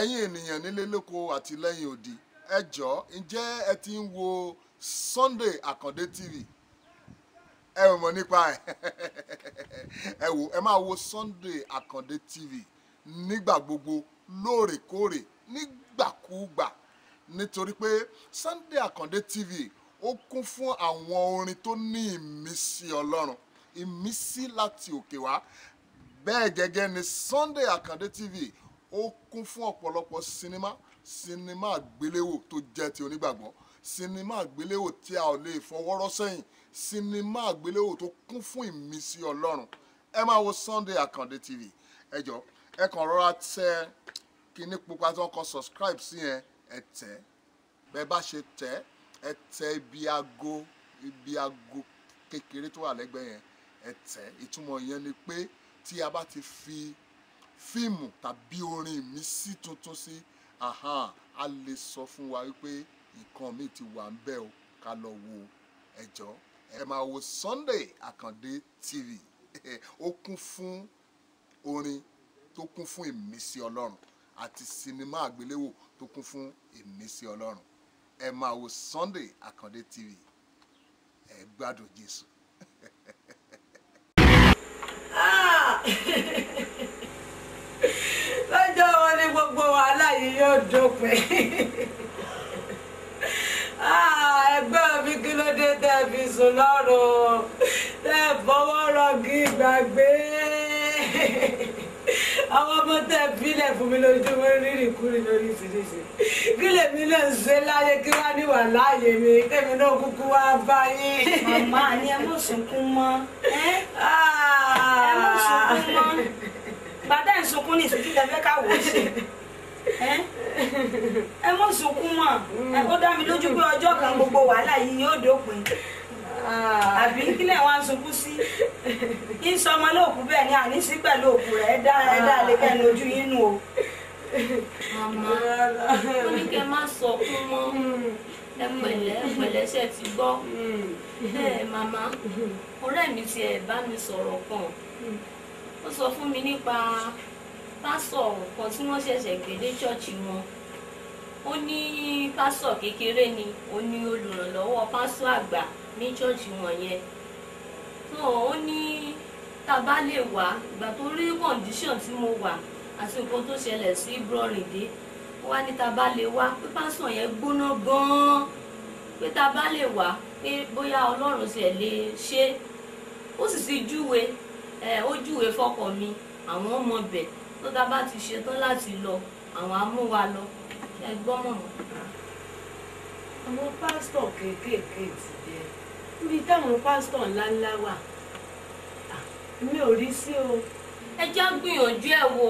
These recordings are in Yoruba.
ẹ̀yin ènìyàn nílé lóko àti lẹ́yìn odi ẹ jọ̀ọ́ ǹjẹ́ ẹ ti ń wo Sunday Àkàndé TV ẹ ò mọ̀ nípa ẹ̀ ẹ wò ẹ máa wo Sunday Àkàndé TV nígbà gbogbo lóòrèkóòrè nígbàkúgbà nítorí pé Sunday Àkàndé TV ó kún fún àwọn orin tó ní ìmísí Ọlọ́run ìmísí láti òkè wá bẹ́ẹ̀ gẹ́gẹ́ ni Sunday Àkàndé TV ó kún fún ọ̀pọ̀lọpọ̀ sinimá sinimá àgbéléwò tó jẹ́ ti onígbàgbọ́ sinimá àgbéléwò tí a ò lè fọwọ́rọ́ sẹ́yìn sinimá àgbéléwò tó kún fún ìmísí ọlọ́run ẹ máa wo Sunday Akande TV ẹ jọ ẹ kàn rọra tẹ kíní pupa tí wọ́n kọ subscribe sí yẹn ẹ tẹ bẹ́ẹ̀ bá ṣe tẹ ẹ tẹ ibi aago ibi aago kékeré tó wà lẹ́gbẹ̀ẹ́ yẹn ẹ tẹ ìtumọ̀ yẹn ni pé tí a bá ti fi fíìmù tàbí orin mi sí tuntun sí a lè sọ fún wa wípé nǹkan mi ti wà ń bẹ̀ o ká lọ wo ẹjọ́ ẹ máa wo Sunday Akande TV ó kún fún orin tó kún fún ìmísí Ọlọ́run àti sinimá àgbéléwò tó kún fún ìmísí Ọlọ́run ẹ máa wo Sunday Akande TV ẹ gbádùn Jésù. ah yìí yóò dópin ah, ẹgbẹ́ mi kí ló dé tẹ́ fi sùn lọ́rùn tẹ́ fọwọ́ rọgí ìgbàgbé àwọn ọmọ tẹ́ bílẹ̀ fún mi lójúmọ́ rírì kúrì lórí ìsirísi kí lèmi náà ń ṣe láyé kí wá níwà láàyè mi kémi náà kúkú wá bá yín. màmá ni ẹ mú sunkún mọ́ ah. ẹ mú sunkún mọ́ gbàdá ìsunkún ní ìsìnkú tẹ́ fẹ́ ká wò ó ṣe. ẹ mọ̀ sunkún ẹ kó dá mi lójú pé kan gbogbo wàhálà yìí yóò dópin ah. àbí kílẹ̀ wá sunkún sí kí n sọ ọmọ lóòkú bẹ́ẹ̀ ni àní sí pẹ̀lú òkú ẹ o. ó ní kẹ́ má sọkún ṣe ti hmm. ẹ mi bá mi sọrọ kan ó sọ fún mi nípa pásọ̀ kan tí wọ́n ṣẹ̀ṣẹ̀ gbé dé ṣọ́ọ̀ṣì wọn ó ní pásọ̀ kékeré ni ó ní olùrànlọ́wọ́ pásọ̀ àgbà ní ṣọ́ọ̀ṣì wọn yẹn náà ó ní tá lè wá ìgbà tó rí kọ̀ǹdíṣọ̀n tí mo wà àti nǹkan tó ṣẹlẹ̀ sí Ìbrọ̀rìndé wá ní tá lè wá pé pásọ̀ yẹn gbóná gan-an pé tá lè wá pé bóyá Ọlọ́run ṣe lè ṣe ó sì ti júwe ó júwe fọ́kọ mi àwọn ọmọ bẹ̀ tó ta bá ti ṣetán láti lọ àwọn á mú wa lọ ẹ gbọ́ mọ̀mọ́. àwọn pásítọ̀ kéékèèké ti jẹ níbi táwọn pásítọ̀ ńláńlá wà mi ò rí sí o. ẹ já gbìyànjú ẹ wo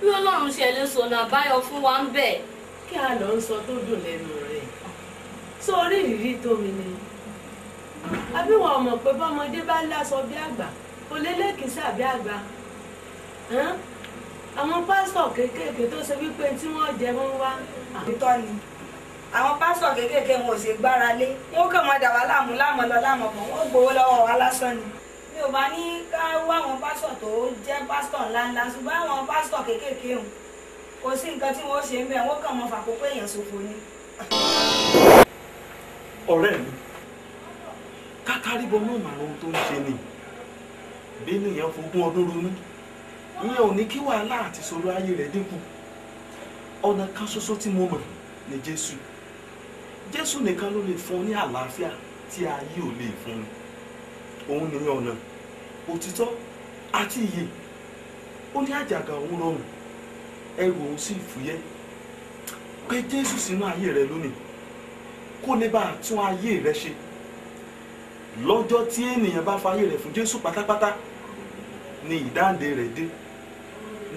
bí ọlọ́run ṣe lè sọ̀nà àbáyọ fún wa ń bẹ̀. kí a lọ ń sọ tó dùn lẹ́nu rẹ̀ sọ orí ìrírí tómi ni àbíwọ̀n ọmọ pé bọ́mọdé bá lásọ bí àgbà kò lélẹ́kìí sàbí àgbà àwọn pásítọ̀ kéékèèké tó ṣe wípé tí wọ́n jẹ wọ́n wá. àbítọ́ ni àwọn pásítọ̀ kéékèèké wọn ò ṣe gbára lé wọn ó kàn máa dà wá láàmú láàmú lọ láàmú bọ̀ wọn ó gbowó lọ́wọ́ wa lásán ni. mi ò bá ní ká wá àwọn pásítọ̀ tó jẹ́ pásítọ̀ ńláńlá ṣùgbọ́n àwọn pásítọ̀ kéékèèké wọn kò sí nǹkan tí wọ́n ṣe ń bẹ̀ wọ́n kàn máa fàkókò èèyàn ṣòfò ni. ọ̀rẹ́ mi kátàríbọ̀ náà màá ohun tó ń ṣe ni bí ènìyàn fogún ọdún ronú ìyẹn ò ní kí wàhálà àti ìṣòro ayé rẹ̀ dínkù ọ̀nà kan ṣoṣo tí mo mọ̀ ni jésù jésù nìkan ló lè fún ní àlàáfíà tí ayé ò lè fún ni òun nìyẹn ọ̀nà òtítọ́ àti ìyè ó ní àjàgà òun rọrùn ẹrù òun sì fúyẹ́ pé jésù sínú ayé rẹ lónìí kó lè bá a tún ayé rẹ ṣe lọ́jọ́ tí ènìyàn bá fa ayé rẹ̀ fún jésù pátápátá ni ìdáǹdè rẹ̀ dé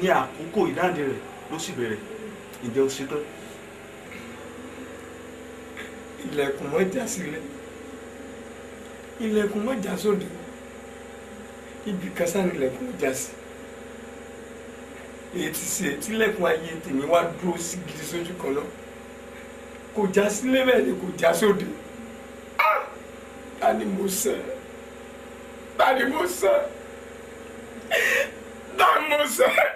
ní àkókò ìdáǹdè rẹ̀ ló sì bẹ̀rẹ̀ ìjẹ́ ó ṣetán. ilẹ̀kùn mọ́ já sílẹ̀ ilẹ̀kùn mọ́ já sóde ibi kásá ni ilẹ̀kùn mọ́ já sí èyí ti ṣe tílẹ̀kùn ayé tèmi wá dúró sí gidi sójú kan náà kò já sílẹ̀ bẹ́ẹ̀ ni kò já sóde ta ni mo sẹ́ ta mo sẹ́ ta mo sẹ́.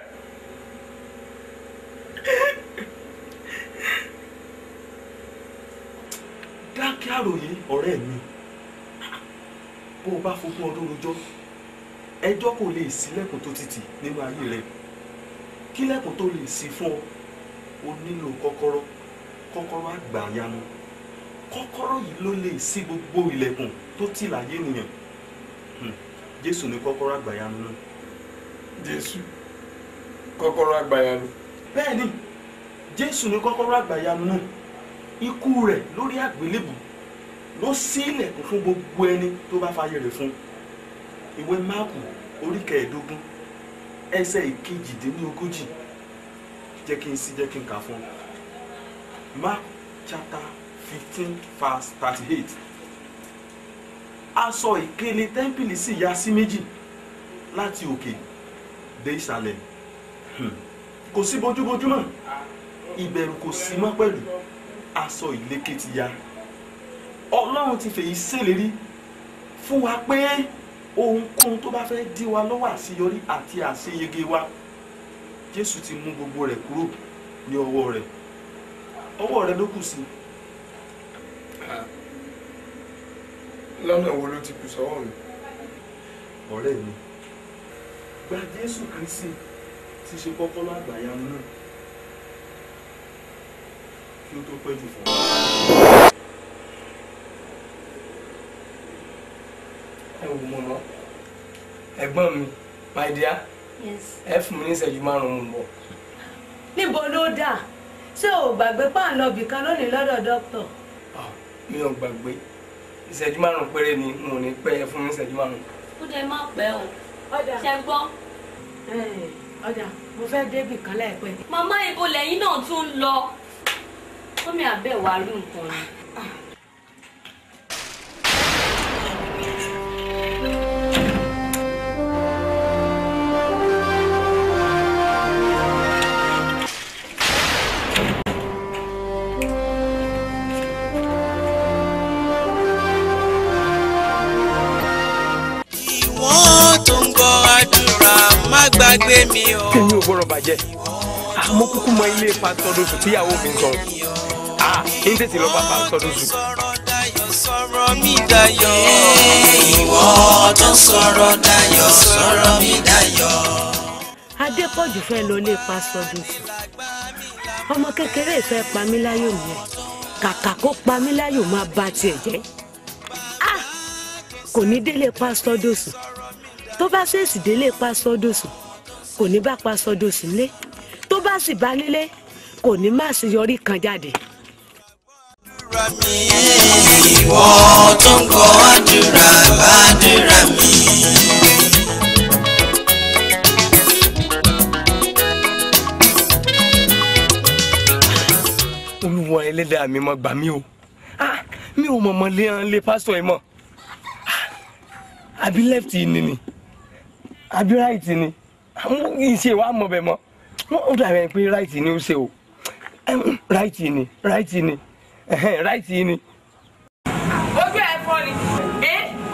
ọ̀rẹ́ mi bó o bá fogún ọdún rojọ́ ẹjọ́ kò lè ṣílẹ̀kùn tó títì nínú ayé rẹ kílẹ̀kùn tó lè ṣí fún ọ o nílò kọ́kọ́rọ́ kọ́kọ́rọ́ àgbàyanu kọ́kọ́rọ́ yìí ló lè ṣí gbogbo ilẹ̀kùn tó tì láyé nìyẹn hmm. jésù ní kọ́kọ́rọ́ àgbàyanu náà. jésù kọ́kọ́rọ́ àgbàyanu. bẹ́ẹ̀ni jésù ní kọ́kọ́rọ́ àgbàyanu náà ikú rẹ̀ lórí àgbélébùú ló ṣí ilẹ̀kùn fún gbogbo ẹni tó bá fàyè rẹ̀ fún ìwé máàkù orí kẹẹ̀ẹ́dógún ẹsẹ̀ ìkejìdínlógójì jẹ́ kí n sí jẹ́ kí n kà fún mark chapter fifteen verse thirty-eight aṣọ ìkélé tẹ́ḿpìlì sì ya sí méjì láti òkè dé ìsàlẹ̀ hmm. kò sí bójúbójú mọ́ ìbẹ̀rù kò sí mọ́ pẹ̀lú aṣọ ìlékè ti ya. Hmm ọlọ́run ti fèyí ṣèlérí fún wa pé ohunkóhun tó bá fẹ́ dí wa lọ́wọ́ àṣeyọrí àti àṣeyege wa jésù ti mú gbogbo rẹ̀ kúrò ní ọwọ́ rẹ̀ ọwọ́ rẹ̀ ló kù sí. lọ́nà wo ló ti kù sọ́wọ́ mi. ọ̀rẹ́ mi gba jésù kristi ti ṣe kọ́kọ́rọ́ àgbàyanu náà kí ó tó pẹ́ jù fún wa. ẹ wò mo lọ ẹ̀gbọ́n mi my dear ẹ fún mi ní ìṣẹ́jú márùn-ún mo lọ. níbo ló dà ṣé o gbàgbé páàlọ́ bìkan lónìí lọ́dọ̀ dókítà. mi ò gbàgbé ìṣẹ́jú márùn-ún péré ni mo ní pẹ́ ẹ fún mi ìṣẹ́jú márùn-ún. ó dẹ má pẹ́ o ṣe gbọ́. ọ̀dà mo fẹ́ débì kan láìpẹ́. màmá ibo lẹ́yìn náà tún ń lọ. ó mi àbẹ̀wò àrùn nǹkan ni. bàjẹ́ àmọ́ kúkú mọ ilé ipa tọdọsù tíyàwó mi sọ ah ń tètè lọ pápá tọdọsù. sọ̀rọ̀ mi dayọ̀ ìwọ tó sọ̀rọ̀ dayọ̀ sọ̀rọ̀ mi dayọ̀. adépọ̀jù fẹ́ lọ ilé ipa tọdọsù ọmọ kékeré ìfẹ́ pa mí láyò nìyẹn kàkà kó pa mí láyò máa bà tiẹ̀ jẹ́ ah kò ní délé pásítọ́ dòsù tó bá ṣèèsì délé pásítọ́ dòsù kò ní bá pa sọdọ sílé tó bá sì bá nílé kò ní má sì yọrí kan jáde. ìwọ tó ń kọ àdúrà bá àdúrà mi. olúwa ẹlẹ́dàá mi mọ̀ gbà mí o mi ò mọ̀mọ́ lé hàn lé pásítọ̀ ẹ̀ mọ̀ àbí lẹ́fìtì ni ni àbí ráìtì ni iṣẹ́ wa mọ̀ bẹ̀ mọ́ ó dàbí ẹni pé ráìtì ni ó ṣe o ráìtì ni ráìtì ni ráìtì ni. ojú ẹ fọ ni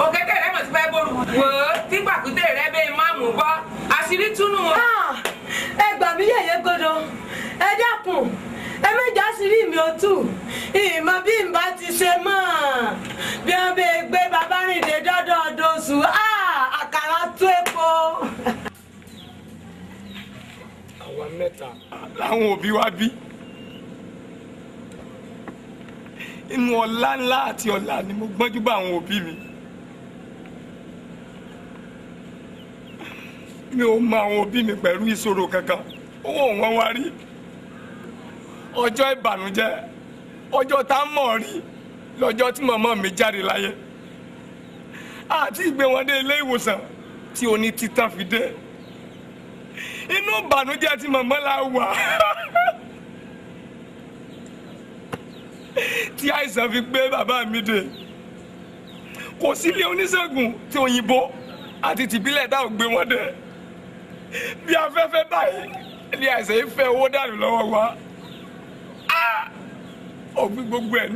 òkèké rẹ mọ̀ sí fẹ́ bóru wò ó tí pàkúté rẹ bẹ́ẹ̀ máa mú bọ́ àṣírí túnú. Ah, ẹ gbà mí yẹ̀yẹ́ gbọ́dọ̀ ẹ dákun ẹ méjì àṣírí mi ò tù ìmọ̀ bí n bá ti ṣe mọ́ bí wọ́n bẹ gbé bàbá rìn mẹ́ta làwọn òbí wa bí inú ọlá ńlá àti ọlá ni mo gbọ́njú bá àwọn òbí mi mi ò mọ àwọn òbí mi pẹ̀lú ìṣòro kankan owó wọn wá rí ọjọ́ ìbànújẹ́ ọjọ́ tá a mọ̀ rí lọ́jọ́ tí màmá mi jáde láyé àti ìgbé wọn dé ilé ìwòsàn tí oní títàn fi dé inú ìbànújẹ́ ti màmá la wà tí àìsàn fi gbé bàbá mi dè kò sílé oníṣègùn tí òyìnbó àti tìbílẹ̀ dá ò gbé wọn dẹ̀ bí afẹ́fẹ́ báyìí ni àìsàn yìí fẹ́ owó dànù lọ́wọ́ wa ọ̀gbìn gbogbo ẹ̀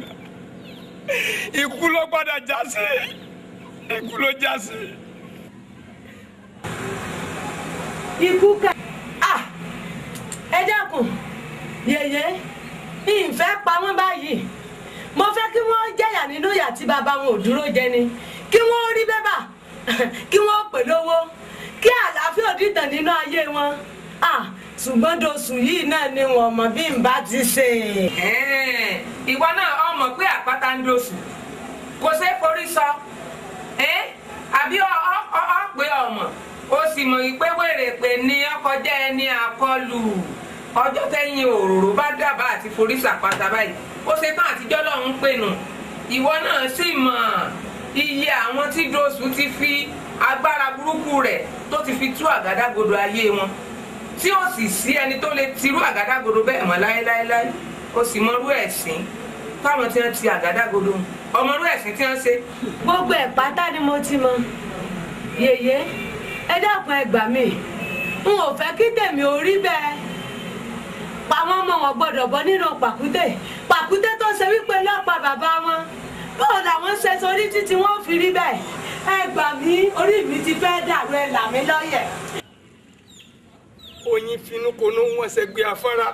ikú ló padà já sí ikú ló já sí. ikú ká ah! ẹ dákun yèyé ìfẹ́ pa wọ́n báyìí mo fẹ́ kí wọ́n jẹ̀yà nínú ìyà tí bàbá wọn ò dúró jẹ ni kí wọ́n rí bẹ́bà kí wọ́n pè lówó kí àlàáfíà òdìtàn nínú ayé wọn ah! ṣùgbọ́n dosù yìí náà ni wọ́n mọ̀ bí n bá ti ṣe. ìwọ náà ọmọ pé àpáta ń dosù kò ṣeé forí sọ àbí ọ pé ọmọ ó sì mọ̀ wípé wèrèpè ni ọkọjá ẹni àkọlù ọjọ́ tẹ́yìn òróró bá dábàá àti forí sàpàtà báyìí ó ṣe tán àtijọ́ lọ́hún pè nù ìwọ náà sì mọ̀ iye àwọn tí dosù ti fi agbára burúkú rẹ̀ tó ti fi tú àgádágodo ayé wọn tí ó sì sí ẹni tó lè tirú àgádágodo bẹ́ẹ̀ mọ́ láéláéláé ó sì mọrú ẹ̀sìn táwọn tí wọ́n ti àgádágodo ọmọrú ẹ̀sìn tí wọ́n ṣe. gbogbo ẹ̀ pátá ni mo ti mọ yèyé ẹ dákun ẹ gbà mí n ò fẹ́ kí tèmi ò rí bẹ́ẹ̀ pàwọn ọmọ wọn gbọ́dọ̀ bọ́ nínú pàkúté pàkúté tó ṣe wípé lọ́pàá bàbá wọn bọ́ọ̀ làwọn ṣe sórí títí wọ́n fi rí bẹ́ẹ̀ ẹ gbà mí orí mi ti fẹ́ dàrú ẹ là mí lọ́yẹ̀. oyin finukonu wọn ṣẹgbẹ afárá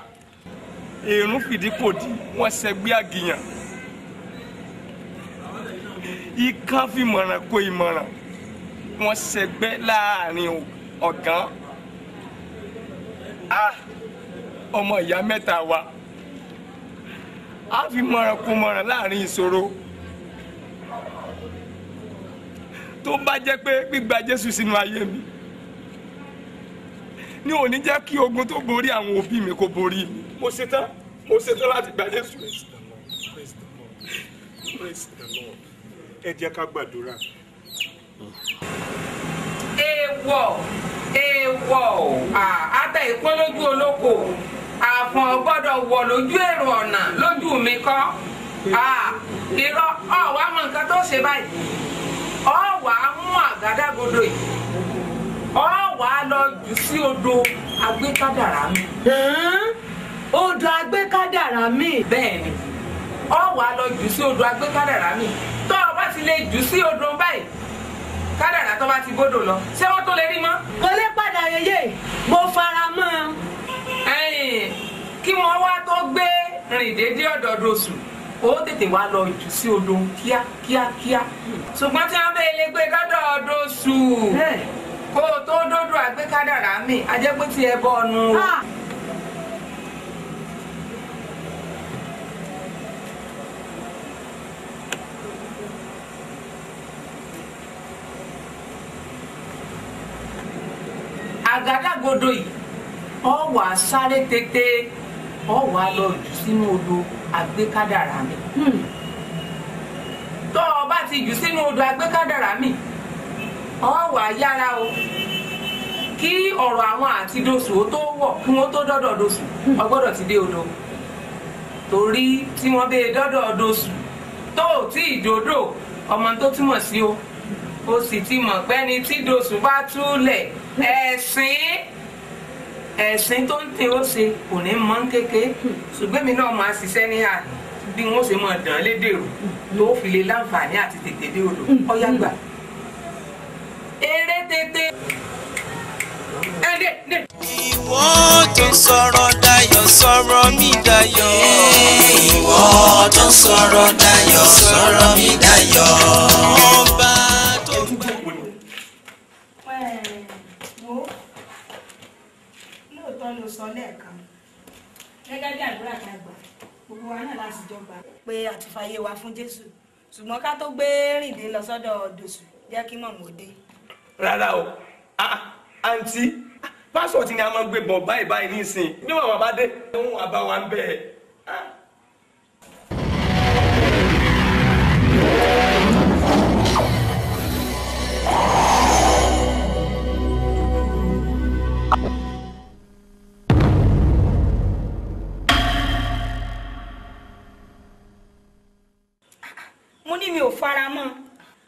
èrún fìdípòdì wọn ṣẹgbẹ àgìyàn ikán fi mọ̀ràn kó ìmọ̀ràn wọ́n ṣẹgbẹ́ láàrin ọ̀gán ọmọ ìyá mẹ́ta wa a fi mọ̀ràn kú mọ̀ràn láàrin ìṣòro tó bá jẹ́ pé gbígba Jésù sínú ayé mi ní òní jẹ́ kí ogun tó borí àwọn òbí mi kó borí mi mo ṣetán mo ṣetán láti gba Jésù. ẹ jẹ́ ká gbàdúrà èèwọ̀ èèwọ̀ àtẹ ìpín lójú olóko àfọ̀n gbọ́dọ̀ wọ̀ lójú èrò ọ̀nà lójú mi kọ́ irọ́ ọ̀wá mọ nǹkan tó ṣe báyìí ọ̀wá mú àgádágodo yìí ọ̀wá lọ jù sí odò agbékádàrá mi. odò agbékádàrá mi. bẹ́ẹ̀ni ọ̀wá lọ jù sí odò agbékádàrá mi tó o bá ti lè jù sí odò báyìí kádàrà tó bá ti bódò lọ ṣé wọ́n tó lè rí mọ́. mo lè padà yeye mo fara mọ́ ọ. kí wọ́n wá tó gbé rìn déédéé ọ̀dọ̀ọ̀dọ̀ sùn ó tètè wá lọ jù sí odò kíákíákíá. ṣùgbọ́n tí wọ́n bẹ ilé gbé gọ́dọ̀ọ̀dọ̀ sùn kó o tó dọ́dọ̀ àgbékádàrà mi ajẹ́pẹ́ ti ẹ bọ́ ọ̀nù o. Ah. àgádágodo yìí ọ wà sáré tètè ọ wà lọ jù sínú odò àgbékádàrá mi hmm. tó o bá ti jù sínú odò àgbékádàrá mi ọ wà yára o kí ọ̀rọ̀ àwọn àti dosù ó tó wọ̀ kí wọ́n tó dọ́dọ̀ dosù ọ hmm. gbọ́dọ̀ ti dé odò torí tí wọ́n bẹ dọ́dọ̀ dosù tó ò tí ì dòdò ọmọ tó túmọ̀ sí o o sì ti mọ̀ pé ẹni tí dosùn bá túlẹ̀ ẹ̀sìn ẹ̀sìn tó ń tẹ ó ṣe kò ní mọ́ ń kéke ṣùgbọ́n mi náà máa ṣiṣẹ́ ní àná bí wọ́n ṣe máa dàn lédè rò ló fi lè láǹfààní àti tètè dé odò ọ̀yá gbà. eré tètè. ìwọ tó sọ̀rọ̀ dayọ̀ sọ̀rọ̀ mi dayọ̀. ìwọ tó sọ̀rọ̀ dayọ̀ sọ̀rọ̀ mi dayọ̀. ọba. sọ lẹ́ẹ̀kan gẹ́gẹ́ bí àdúrà tá gbà gbogbo wa náà láti jọ gbà pé àtúfàyè wa fún Jésù ṣùgbọ́n ká tó gbé rìndé lọ sọ́dọ̀ dòṣù jẹ́ kí mọ̀mọ́ dé. rárá o àǹtí pásọ̀tì ni a máa ń gbé bọ̀ báyìí báyìí nísìnyí bí màmá bá dé. òun àbá wa ń bẹ̀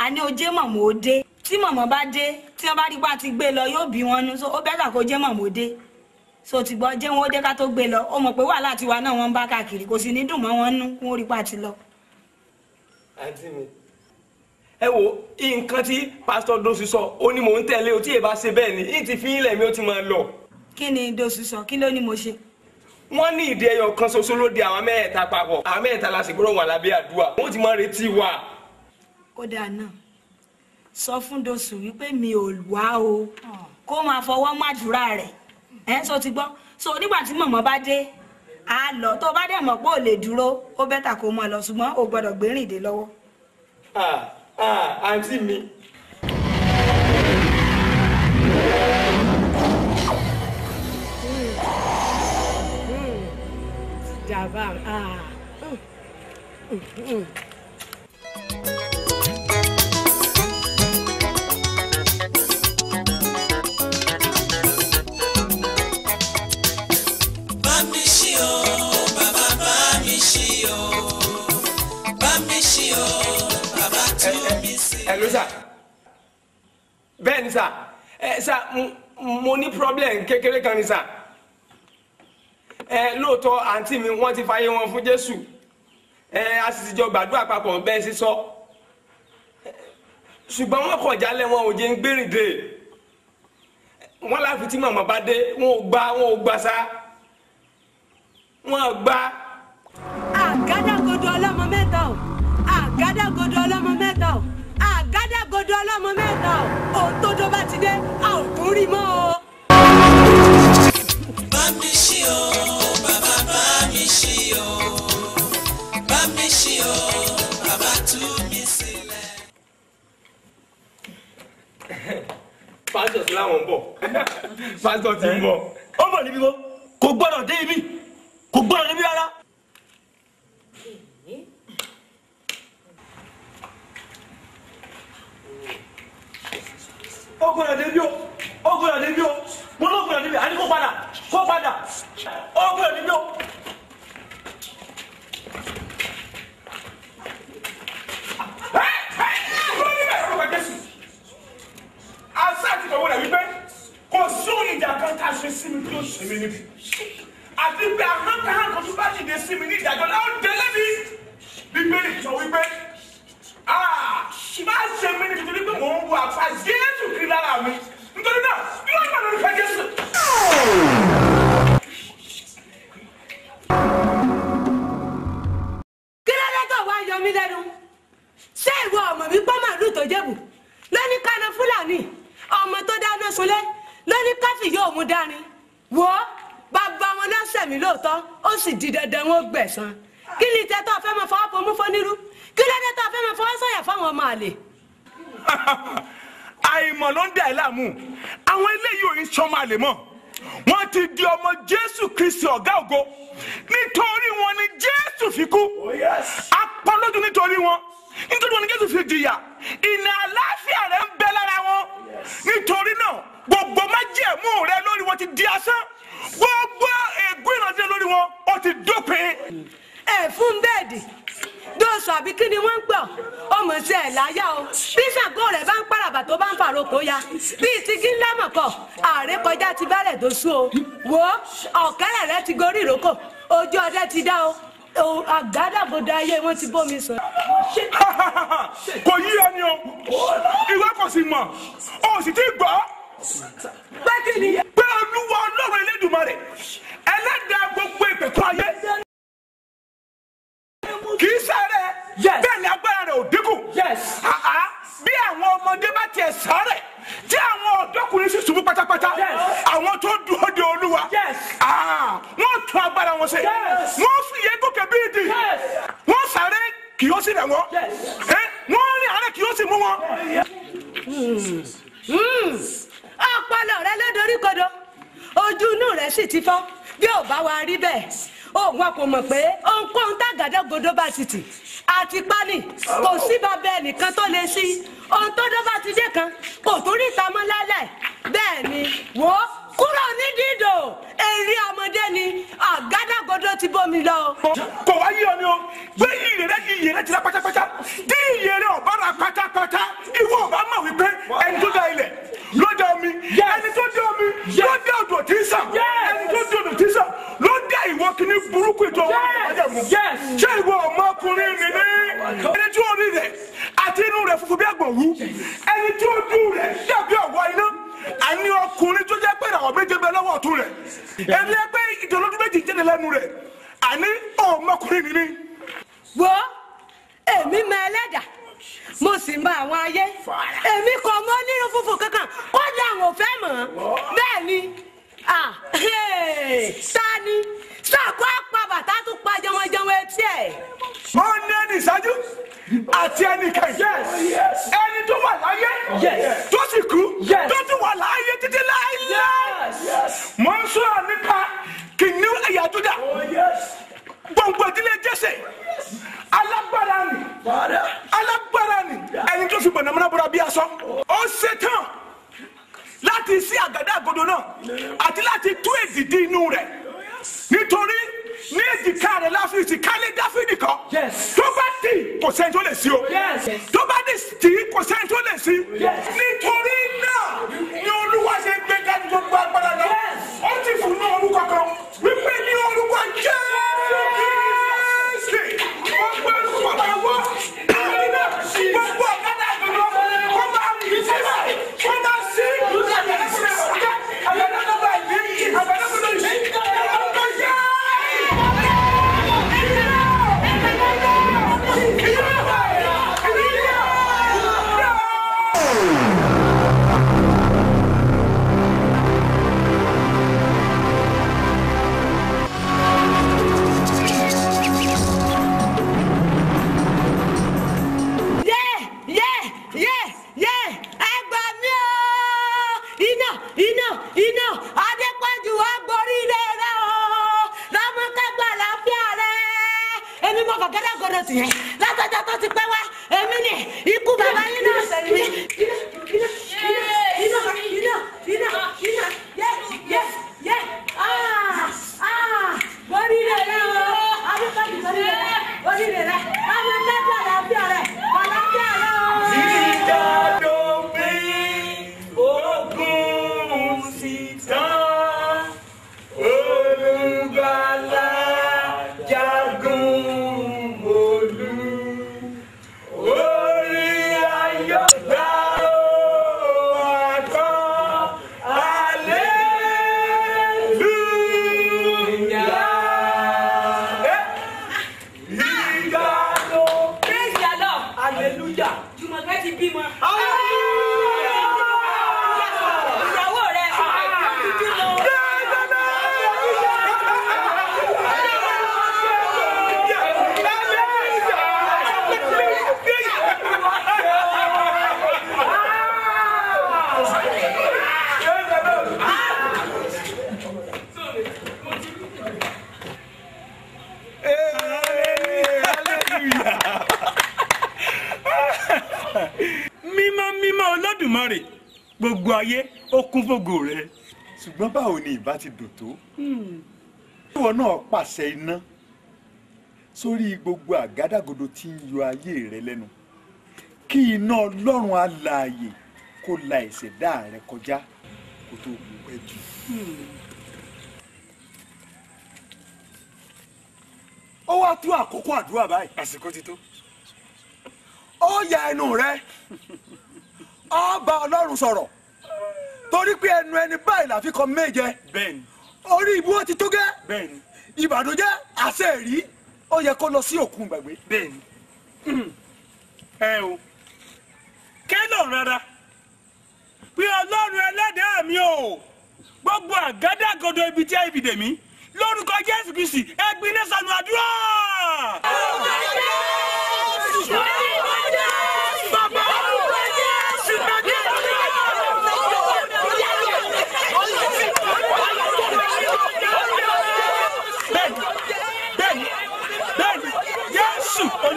a ní ojé mọ̀mọ́ ó dé tí mọ̀mọ́ bá dé tí wọ́n bá rí bá ti gbé e lọ yóò bí wọn nu so ó bẹ́tà kó jé mọ̀mọ́ ó dé so ti gbọ́ jé wọn ó dé ká tó gbé e lọ ó mọ̀ pé wàhálà tiwa náà wọ́n ń bá káàkiri kò sì ní dùn mọ́ wọn nú kí wọ́n rí pa ti lọ. àǹtí mi ẹ wo nǹkan tí pásítọ̀ dóṣù sọ ó ní mò ń tẹ̀lé o tí èèbá ṣe bẹ́ẹ̀ ni yìí ti fi ilẹ̀ mi ó ti máa lọ. kí ni dóṣù sọ kí ló ní mo ṣe wọ́n ní ìdí ẹyọ kan ṣoṣo ló di àwọn mẹ́ẹ̀ẹ́ta papọ̀ àwọn mẹ́ẹ̀ẹ́ta la sì gbọ́dọ̀ wà lábẹ́ àdúrà wọ́n ti máa retí wa kódà náà sọ fún dosù wípé mi ò wá o kó máa fọwọ́ mádùúrà rẹ̀ ẹ̀ ń sọ ti gbọ́ so nígbà tí mọ̀mọ́ bá dé a lọ tó bá dẹ̀ mọ̀ pé ò lè dúró ó bẹ́tà kó mọ̀ lọ ṣùgbọ́n o gbọ́dọ̀ gbérìn dé lọ́wọ́. àǹtí mi Jabbar. Ah. Mm. Mm. hello sa bẹ́ẹ̀ ni ẹ sir eh, mo ní problem kékeré kan ni sir ẹ eh, lóòótọ́ àǹtí mi wọ́n ti fàyè wọn fún Jésù ẹ eh, a sì ti jọ gbàdúrà papọ̀ bẹ́ẹ̀ sí sọ ṣùgbọ́n wọ́n kọ̀ jálẹ̀ wọn ò jẹ́ ń gbérìn dé wọ́n láfi tí màmá bá dé wọn ò gbà wọn ò gbà sá wọn ò gbà. àgádágodo ọlọ́mọ mẹ́ta o àgádágodo ọlọ́mọ mẹ́ta o òdòdó ọlọ́mọ mẹ́ta ò òdòdó bá ti dé a ò tún rí mọ́ o. bá mi ṣí o bàbá bá mi ṣí o bá mi ṣí o bàbá tú mi sílẹ̀. pásítọ̀ sí láwọn ń bọ̀ pásítọ̀ ti ń bọ̀ ó bọ̀ níbí bó kò gbọ́dọ̀ dé ibi kò gbọ́dọ̀ níbí rárá. ó gbọ́dọ̀ débi o ó gbọ́dọ̀ débi o mo ló gbọ́dọ̀ débi àní kó padà kó padà ó gbọ́dọ̀ débi o. asáàtì ìgbàwọ́ rẹ̀ wípé kò sóhun ìjà kan ká ṣe sí mi tó ṣe mí níbi àti pé àhánkàhán kan tó bá dìde sí mi ní ìdájọ́ náà ó délé mi bíbélì sọ wípé. Ah, má ṣe mí ní tuntun nígbà mò ń wo àfa Jésù kiri lára mi nítorí náà bí wọ́n gbàdúrà nípa Jésù. kí ló dé tó wá yọ mí lẹ́nu ṣé ìwọ ọmọ mi gbọ́ màálù tó jẹ̀bù lóní kaná fúlàní ọmọ tó dáná sunlé lóní káfí yóò mú dání wò ó bàbá wọn náà sẹ̀mí lóòótọ́ ó sì di dandan wọn gbẹ̀san kí ni tẹ́tọ́ fẹ́ mọ fọwọ́ fọmú fọ́nírú kí ló dé tá a fẹ́ máa fọwọ́ sọ̀yà fáwọn ọmọ àlè. àìmọ̀ ló ń dà ẹ́ láàmú àwọn eléyìí ò ń sọmọ àlè mọ́ wọ́n ti di ọmọ jésù kristi ọ̀gá ògo nítorí wọn ni jésù fi kú oh, apọlójú nítorí wọn nítorí wọn ni jésù fi jìyà ìnà àlàáfíà rẹ̀ ń bẹ lára wọn nítorí náà gbogbo májẹ̀mú rẹ̀ lórí wọn ti di asán gbogbo ègún ìrànṣẹ́ lórí wọn ó ti dópin ẹ eh, fún bẹ́ẹ̀dì dóòsù àbí kí ni wọ́n ń gbọ́ ọmọ sí ẹ̀ láyà o bí Ṣàngó rẹ̀ bá ń pàràbà tó bá ń fàrokò ya bíi ti gíńlá mọ̀kọ́ ààrẹ kọjá ti bẹ̀rẹ̀ dóṣù o wò ó ọ̀kẹ́rẹ́ rẹ ti gorí ìrókò ojú ọdẹ ti dá o àgádágodo ayé wọn ti bómi sọ. kò yí ẹni o ìwé kò sì mọ̀ o sì ti gbọ́. pé kí ni. pé olúwa ọlọ́run Elédùmarè ẹlẹ́dàá gbogbo ìpẹ̀kọ́ ayé kì í sáré bẹ́ẹ̀ ni agbára rẹ̀ ò dínkù bí àwọn ọmọdé bá tiẹ̀ sáré tí àwọn ọ̀dọ́kùnrin sì ṣubú pátápátá àwọn tó dúró de olúwa wọ́n tún agbára wọn ṣe wọ́n fi yẹ gòkè bíi di wọ́n sáré kì yóò sì rẹ̀ wọ́n wọ́n rìn àárẹ̀ kì yóò sì mú wọn. Hmm. Hmm. ọpọlọ rẹ ló dorí kodò ojú inú rẹ sì ti fọ́ bí ò bá wa rí bẹ́ẹ̀ ó wọn kò mọ̀ pé ohunkóhun tàgàdàgodo bá ti tì àti pani kò sí bàbá ẹnìkan tó lè sí ohun tó dọ́ bá ti dé kan kò tún rí ìtamọ́ lálẹ́ bẹ́ẹ̀ ni wò kúrò ní dídò èrè ọmọdé ni àgádágodo ti bómi lọ. kò wá yí ọ o gbé iyì rẹ kí iyì rẹ ti rà pátápátá tí iyì rẹ ò bá ra pátápátá ìwọ ò bá mọ̀ wípé ẹni tó da ilẹ̀ ló da omi ẹni tó da omi ló da odò tí ń sàn ẹni tó da odò tí ń sàn ló da ìwọ kìíní burúkú ìtọ́ wọn àjẹ ṣé ìwọ ọmọkùnrin mi ní ẹni tí rí rẹ àti inú rẹ funfun bí àgbọ̀n ẹni tí dùn rẹ dàbí ọ̀wọ́ iná. Ani ní ọkùnrin tó jẹ́ pé ìràwọ̀ méje bẹ lọ́wọ́ ọ̀tún rẹ̀ ẹni ẹ pé ìdọ̀lọ́dún méjì jáde lẹ́nu rẹ̀ àní ọmọkùnrin mi ni. wo èmi mọ ẹlẹ́dà mo sì mọ àwọn ayé èmi kò mọ onírun funfun kankan kó dà wọn fẹ́ mọ̀ bẹ́ẹ̀ ni sani sàkó àpàbà tá a tún pa jẹmọjẹmọ etí ẹ. mo ní ẹni ìṣáájú àti ẹni kẹyìn ẹni tó wà láyé tó sì kú tó tún wà láyé títí láéláé mo ń sọ̀rọ̀ nípa kìnìún ẹ̀yà Júdà oh, gbọ̀ngbọ̀n ìdílé Jésè alágbára ni alágbára ni ẹni tó fi gbọ̀nàmọ́nà bọ́ra bí aṣọ oh. ó ṣetán láti sí àgàdá àgọ́dọ̀ náà àti láti tú èdìdí inú rẹ̀ nítorí ní èjìká rẹ̀ láfi ìsìnkálé dáfídì kan tó bá dì kò sẹ́ni tó lè sí o tó bá dì tì kò sẹ́ni tó lè sí nítorí náà ni olúwa ṣe gbé dájú tó gba agbára náà ó ti fún ní orúkọ kan wípé ní orúkọ jẹ́ẹ́sì ó gbé orúkọ kan wá. báwo ni ìbá ti dùn tó ìwọ náà pàṣẹ iná sórí gbogbo àgádágodo tí ń yọ ayé rẹ lẹ́nu kí iná ọlọ́run alààyè kó la ìṣẹ̀dá rẹ kọjá kó tó mú pẹ́ jù. ó wá tó àkókò àdúrà báyìí. àsìkò ti tó. ó ya ẹnu rẹ ó bá ọlọ́run sọ̀rọ̀ torí pé ẹnu ẹni báyìí la fi kọ méje orí ìbú ó ti tó gẹ́ ìbàdàn jẹ́ àṣẹ rí ó yẹ kó lọ sí òkun gbàgbé. ẹ o kẹ́lọ̀ rárá pé ọlọ́run ẹlẹ́dàá mi o gbogbo àgádágodo ibi tí ibi dèmí lórúkọ jésù kìsì ẹgbin ní sànù àdúrà.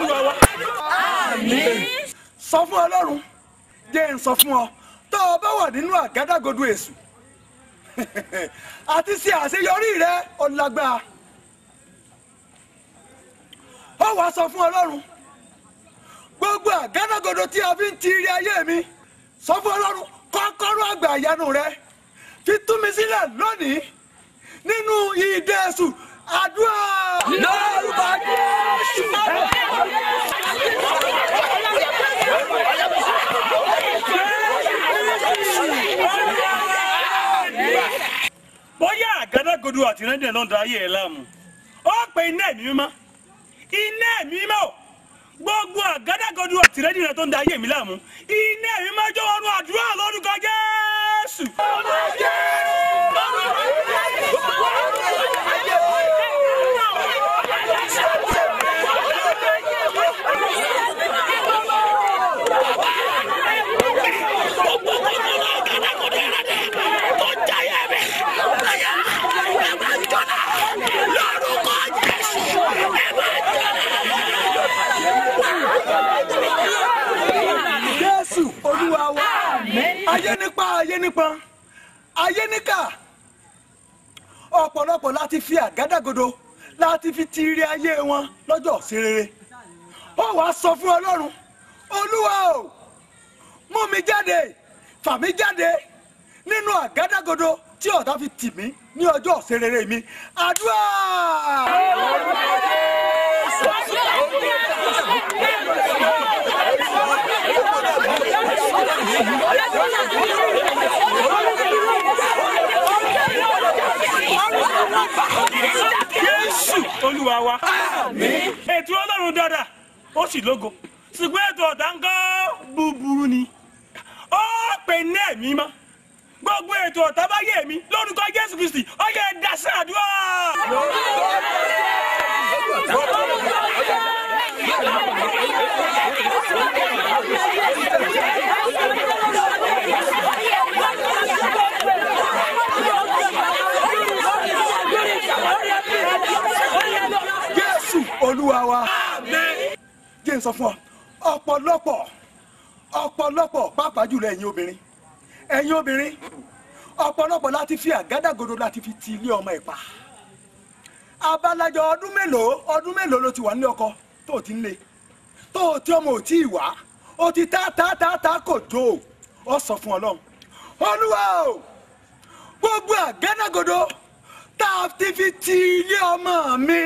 olúwa wa. àmín. sọ fún ọlọ́run jẹ́ ń sọ fún ọ tó o bá wà nínú àgádágodo èṣù àti ṣe àṣeyọrí rẹ ọlágbára ó wàá sọ fún ọlọ́run gbogbo àgádágodo tí a fi ń ti rí ayé mi sọ fún ọlọ́run kọ́kọ́rọ́ àgbà ìyanu rẹ fi tú mi sílẹ̀ lónìí nínú ìdẹ́sù àdúrà lórúkọ jẹ́. bóyá àgádágodo àtìrẹ́dẹ̀ náà da ayé ẹ̀ láàmú o pe iná ẹ̀mí mímọ́ iná ẹ̀mí mímọ́ gbogbo àgádágodo àtìrẹ́dẹ̀ náà tó ń da ayé mi láàmú iná ẹ̀mí mímọ́ àdúrà ayé nípa ayé nípọn ayé níkà ọ̀pọ̀lọpọ̀ láti fi àgádágodo láti fi ti rí ayé wọn lọ́jọ́ sí rere ó wàá sọ fún ọlọ́run olúwa o mú mi jáde fà mí jáde nínú àgádágodo tí ọ̀tá fi tì mí ní ọjọ́ sí rere mi àdúrà. olùwàjẹ́ Jésù Olúwa wa. Ètò Ọlọ́run dára, ó sì lógo. Ṣùgbọ́n ètò ọ̀tá ń gán búburú ni. Ó pè ní ẹ̀mí mọ́. Gbogbo ètò ọ̀tá bá yé mi lórúkọ Jésù Kristì, ó yẹ dasẹ́ àdúrà olúwa wa. jẹ́ n sọ fún ọ ọ̀pọ̀lọpọ̀ ọ̀pọ̀lọpọ̀ pàápàá jùlọ ẹ̀yin obìnrin ẹ̀yin obìnrin ọ̀pọ̀lọpọ̀ láti fi àgádágodo láti fi ti ilé ọmọ ẹ̀ pa. abalajọ ọdún mélòó ọdún mélòó ló ti wà nílé ọkọ tó ti ń le tó tí ọmọ ò tí ì wá ó ti tá tá tá tá kò tó ọ sọ fún ọlọ́run olúwa o gbogbo àgádágodo tá a ti fi ti ilé ọmọ mi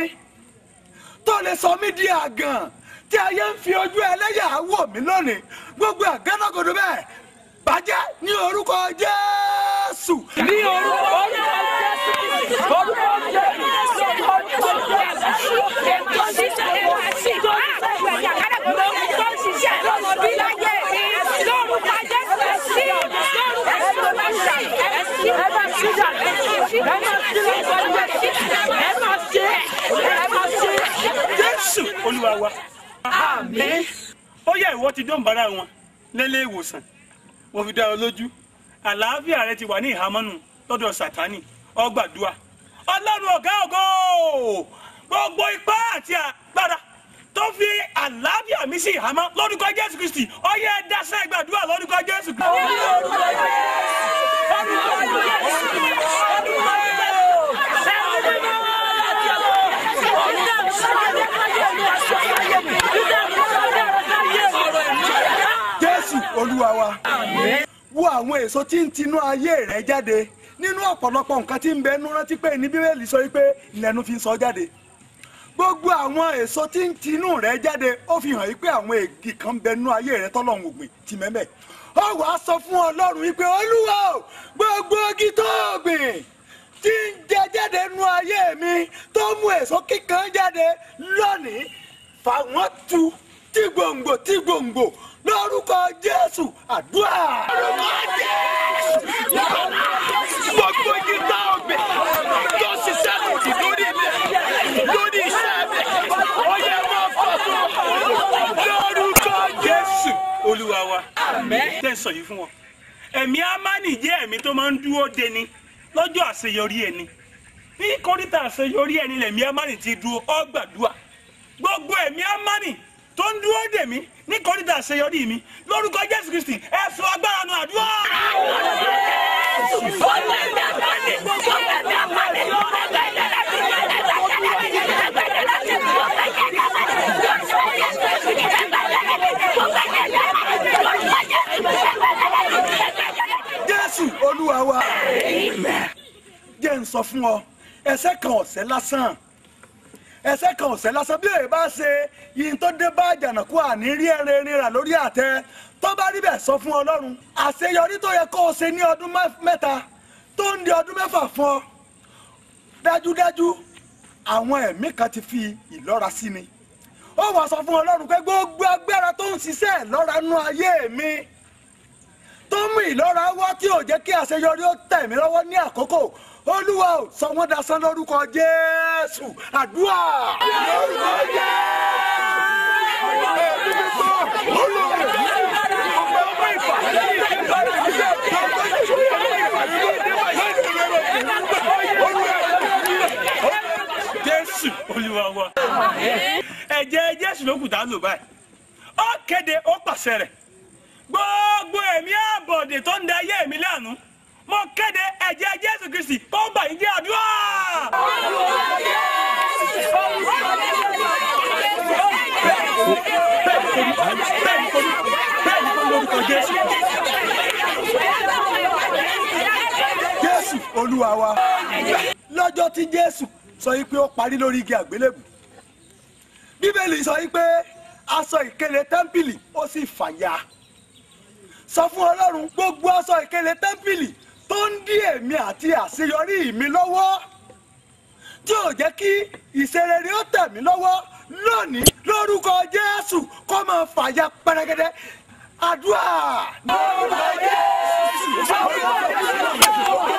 tó lè sọ mí di àgàn tí ayé ń fi ojú ẹlẹ́yà wò mí lónìí gbogbo àgádágodo bẹ́ẹ̀ bàjẹ́ ní orúkọ jésù. ní orúkọ jésù orúkọ jésù orúkọ jésù orúkọ jésù gbogbo ẹ̀yà kárẹ̀kọ́ ló ń tó ṣiṣẹ́ lọ́mọ bí láyé lórúkọ Jésù sí lórúkọ Jésù sí ẹ bá ṣí dà ẹ bá ṣí lórúkọ Jésù ẹ bá ṣí ẹ bá ṣí. Jésù Olúwa wa àmín ó yẹ ìwọ ti dóun bára wọn lélẹ́ ìwòsàn wọ́n fi dá ọ lójú àlàáfíà rẹ ti wà ní ìhámọ́nù lọ́dọ̀ Sátánì ó gbàdúrà Ọlọ́run ògo gbogbo ipá àti agbára tó fi àlàáfíà mi sí ìhámọ́ lórúkọ jésù kristi ọyẹ dasẹ́ gbàdúrà lórúkọ jésù kristi. lórúkọ wo àwọn èso tí ń tinú ayé rẹ jáde nínú ọ̀pọ̀lọpọ̀ nǹkan tí ń bẹ nú rántí pé ní bíbélì sọ wípé ìlẹ́nu fi ń sọ jáde gbogbo àwọn èso tí ń tinú rẹ jáde ó fi hàn yí pé àwọn ègì kan bẹ nú ayé rẹ tọ́lọ́run ògbìn ti mẹ́mẹ́ ó wàá sọ fún ọlọ́run yí pé olúwa gbogbo igi tó gbìn tí ń jẹ jáde nú ayé mi tó mú èso kíkan jáde lónìí fàwọn tu tí gbòǹgbò tí gbòǹgbò lórúkọ jésù àdúrà. lórúkọ jésù lórúkọ jésù gbogbo igi tó gbìn tó ṣiṣẹ́ lòdì ní. olúwa wa tẹ̀sán yìí fún wọn ẹ̀mí amánì jẹ́ ẹ̀mí tó máa ń dúró de ni lọ́jọ́ àṣeyọrí ẹni ní kórìtà àṣeyọrí ẹni lẹ̀mí amánì ti dúró ó gbàdúrà gbogbo ẹ̀mí amánì tó ń dúró dè mí ní kórìtà àṣeyọrí mi lórúkọ Jésù Kristi ẹ agbára nu àdúrà. jésù olúwa wa jẹ́ ń sọ fún ọ ẹ̀ṣẹ̀ kan ọ̀sẹ̀ lásán ẹ̀ṣẹ̀ kan ọ̀sẹ̀ lásán bí èyí bá ṣe yìí tó dé bá àjànàkú àní rí ẹrẹ rírà lórí àtẹ tó bá rí bẹ́ẹ̀ sọ fún ọlọ́run àṣeyọrí tó yẹ kó o ṣe ní ọdún mẹ́ta tó ń di ọdún mẹ́fà fún ọ dájúdájú àwọn ẹ̀mí kan ti fi ìlọ́ra sí mi ó wàá sọ fún ọlọ́run pé gbogbo agbára tó ń ṣiṣẹ́ ìlọ́ra nú ayé mi tó mú ìlọ́ra wá tí ò jẹ́ kí àṣeyọrí ó tẹ̀ mí lọ́wọ́ ní àkókò olúwa ò sọ wọ́n dasán lórúkọ jésù àdúrà. lórúkọ jésù olúwa ọmọ ọmọ ìfà jésù olúwa wa ẹ̀jẹ̀ jésù ló kù tá a lò báyìí ó kéde ó pàṣẹ rẹ̀ gbọ́ọ́ gbogbo èmi àbọ̀dè tó ń da ayé mi lánàá mo kéde ẹ̀jẹ̀ jésù kristi tó ń bà yín jẹ́ àdúrà. jésù olúwa wa lọ́jọ́ tí jésù sọ yìí pé ó parí lórí igi àgbélébù bíbélì sọ yìí pé aṣọ ìkélé tẹ́ḿpìlì ó sì fàya sọ fún ọlọ́run gbogbo aṣọ ìkélé tẹ́ḿpìlì tó ń dí èmi àti àṣeyọrí mi lọ́wọ́ tí ò jẹ́ kí ìṣerere ó tẹ̀ lọ́wọ́ lónìí lórúkọ jésù kó máa fàyà pẹrẹgẹdẹ àdúrà. lórúkọ jésù lórúkọ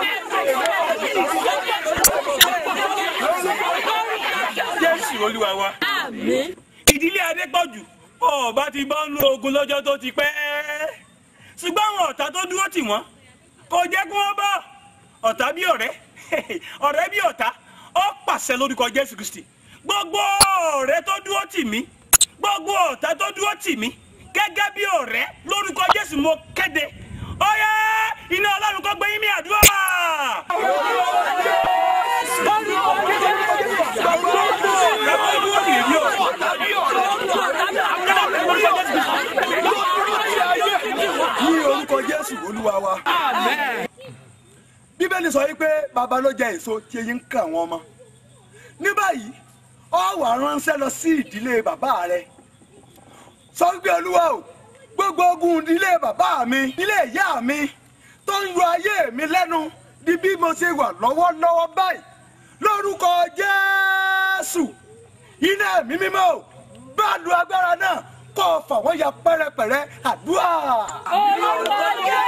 jésù jésù olúwa wa. ìdílé adépọ̀jù ọba ti bá ń lo ogun lọ́jọ́ tó ti pẹ́ ṣùgbọ́n àwọn ọ̀tá tó dúró tì wọ́n kò jẹ́ kí wọ́n bá ọ̀tá bí ọ̀rẹ́ ọ̀rẹ́ bí ọ̀tá ó pàṣẹ lórúkọ Jésù Kristi gbogbo ọ̀rẹ́ tó dúró tì mí gbogbo ọ̀tá tó dúró tì mí gẹ́gẹ́ bí ọ̀rẹ́ lórúkọ Jésù mo kéde ó yẹ iná Ọlọ́run kó gbé yín mì àdúrà. Thank lórúkọ Jésù Olúwa wa. Àmín. Bíbélì sọ wípé bàbá ló jẹ èso tí eyín ń kà wọn ọmọ. Ní báyìí, ọ wà ránṣẹ́ lọ sí ìdílé bàbá rẹ̀. Sọ wípé Olúwa o, gbogbo ogun ìdílé bàbá mi, ìdílé ìyá mi tó ń yọ ayé mi lẹ́nu di bí mo ṣe wà lọ́wọ́lọ́wọ́ báyìí lórúkọ Jésù. Iná ẹ̀mí bá lu agbára náà. tó wọ́n ya pẹ́rẹpẹ̀rẹ́ àdúrà. orúkọ jẹ́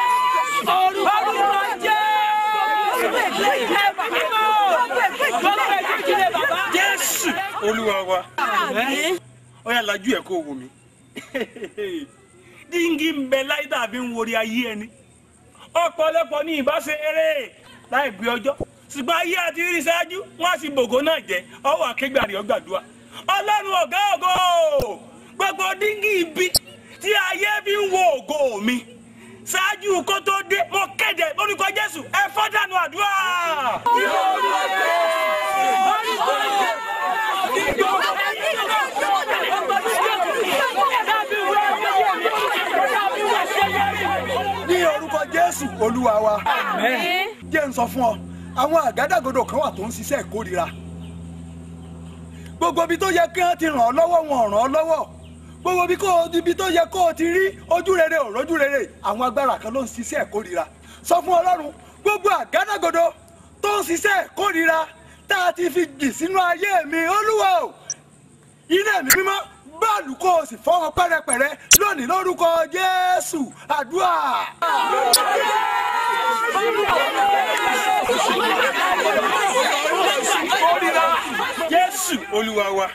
jésù olúwa wa yà lajú ẹ̀ kó wù mí díngì ń bẹ láyé dàbí ń ẹni ọ̀pọ̀lọpọ̀ ní ìbáṣe eré láì gbé ọjọ́ ayé àti ṣáájú bògó náà ọgbàdúrà gbogbo díngì ibi tí ayé bí ń wo ògo mi ṣáájú kó tó dé mo kéde orúkọ jésù ẹ fọ́dànù àdúrà. ní orúkọ jésù olúwa wa jẹ́ n sọ fún ọ àwọn àgádágodo kan wà tó ń ṣiṣẹ́ ìkórira gbogbo ibi tó yẹ kí wọ́n ti ràn ọ́ lọ́wọ́ wọn ràn ọ́ lọ́wọ́ gbogbo bí kò ibi tó yẹ kó o ti rí ojú rere ò rójú rere àwọn agbára kan ló ń ṣiṣẹ́ ìkórira sọ fún ọlọ́run gbogbo àgádágodo tó ń ṣiṣẹ́ ìkórira tá a ti fi jì sínú ayé mi olúwa o iná mi mímọ́ báàlù kó o sì fọwọ́ pẹ́rẹpẹ̀rẹ lónìí lórúkọ jésù àdúrà. ìkórira jésù olúwa wa.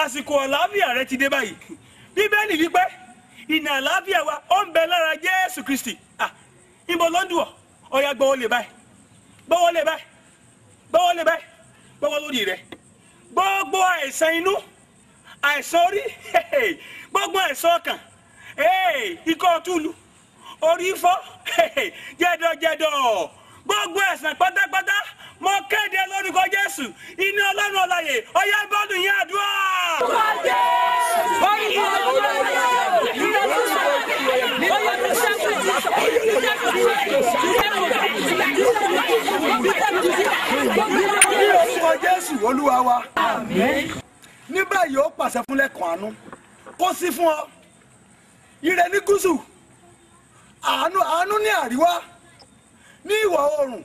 àsìkò àlàáfíà rẹ ti dé báyìí bíbélì wípé ìnà àlàáfíà wa ó ń bẹ lára jésù kristi ìbò lọ́dún ó yá gbọ́wọ́ lé báyìí gbọ́wọ́ lé báyìí gbọ́wọ́ lé báyìí gbọ́wọ́ lórí rẹ gbogbo àìsàn inú àìsàn orí gbogbo àìsàn ọkàn ikọ́ túlù orí fọ́ jẹ́dọ̀jẹ́dọ̀. gbogbo ẹ̀sìn pátápátá mo kéde lórúkọ jésù iná ọlọ́run ọ̀làyè ọ̀yá bọ́ọ̀lù yín àdúrà. orúkọ jésù orúkọ ọlọ́run ìyá tó ṣàkóso ìyá tó ṣàkóso ìyá tó ṣàkóso ìyá tó ṣàkóso. ní orúkọ jésù olúwa wa ní báyìí ó pàṣẹ fún lẹ́kàn àánú kó sí fún ọ ire ní gúúsù àánú ní àríwá ní ìwọ̀ oòrùn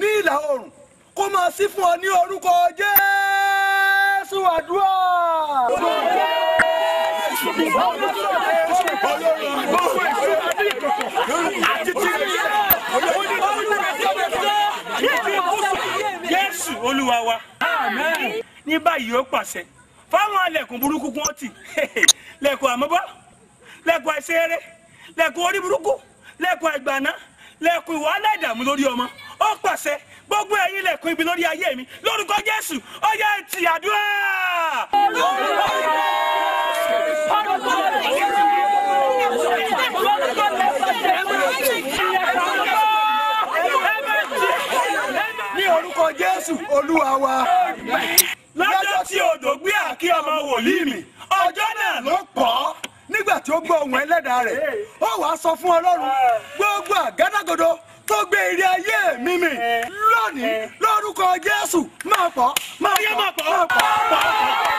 ní ìlà oòrùn kó máa sí fún ọ ní orúkọ Jésù àdúrà. Jésù Olúwa wa ní báyìí ó pàṣẹ fáwọn alẹ̀kùn burúkú kún ọtí lẹ̀kùn àmọ́bọ́ lẹ̀kùn àìṣeré lẹ̀kùn orí burúkú lẹ̀kùn àgbàná lẹ̀kùn ìwàlẹ̀ ìdààmú lórí ọmọ ó pàṣẹ gbogbo ẹ̀yin lẹ̀kùn ibi lórí ayé mi lórúkọ jésù ó yẹ ti àdúrà. ní orúkọ jésù olúwa lọ́jọ́ tí odò gbé àkí ọmọ wòlíì mi ọjọ́ náà ló pọ̀ nígbà tí ó gbọ́ ohùn ẹlẹ́dàá rẹ̀ ó wàá sọ fún ọlọ́run gbogbo àgádágodo tó gbé eré ayé mi mì lónìí lórúkọ jésù máa pọ̀ máa pọ̀ máa pọ̀ máa pọ̀ máa pọ̀. Máa pọ̀.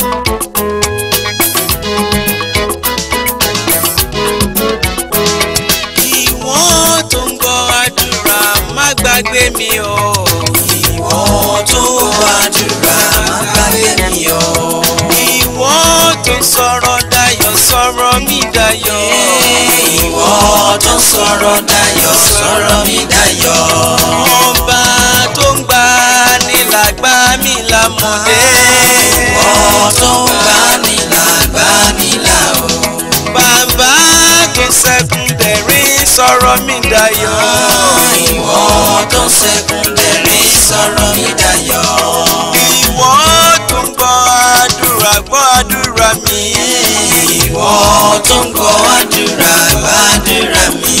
sọ̀rọ̀ dayọ̀ sọ̀rọ̀ mi dayọ̀. ọba tó ń gbà ní làgbà mi làmọ̀dé. ọ̀pọ̀ tó ń gbà ní làgbà mi là o. bàbá tó sẹ́kùn dẹ̀rín sọ̀rọ̀ mi dayọ̀. ìwọ tó sẹ́kùn dẹ̀rín sọ̀rọ̀ mi dayọ̀. ìwọ àdúrà mi. ìwọ tó ń gbọ́ àdúrà gbàdúrà mi.